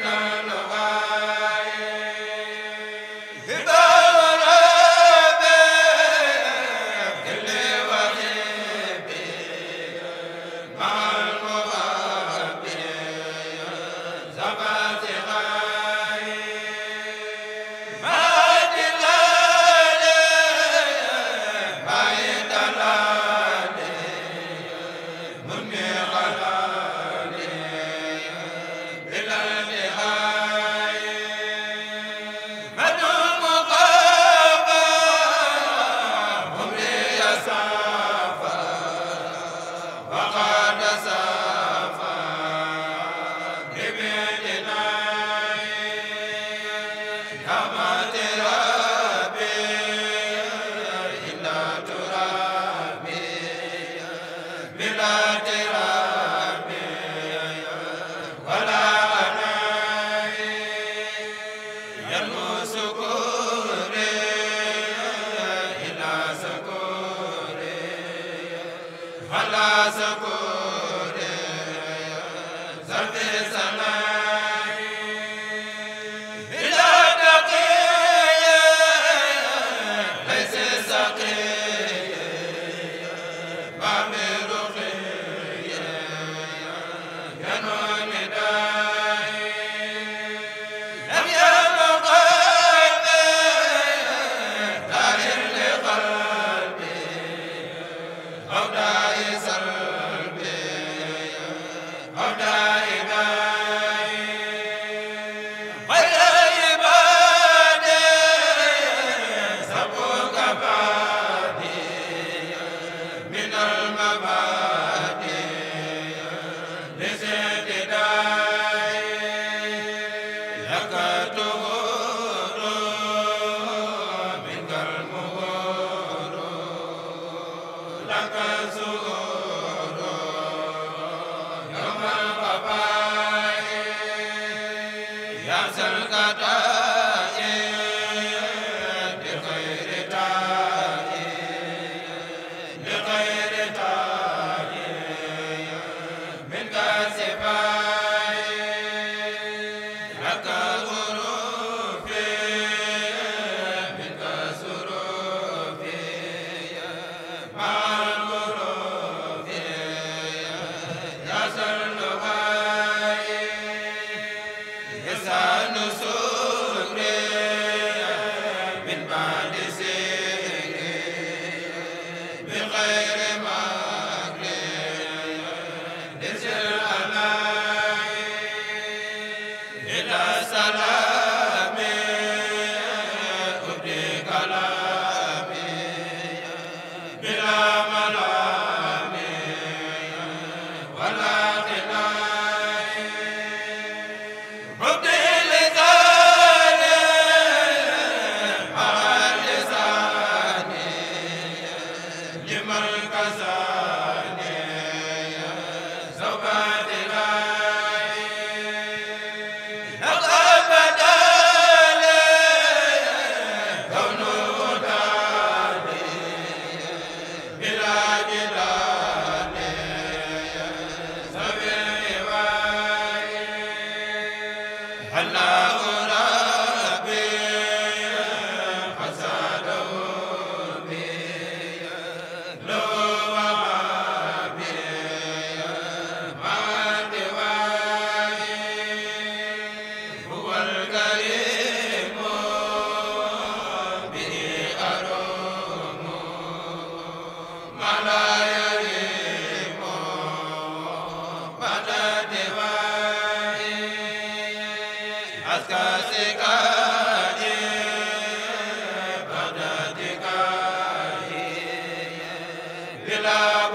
la yarmusukum laka la xanaa Bila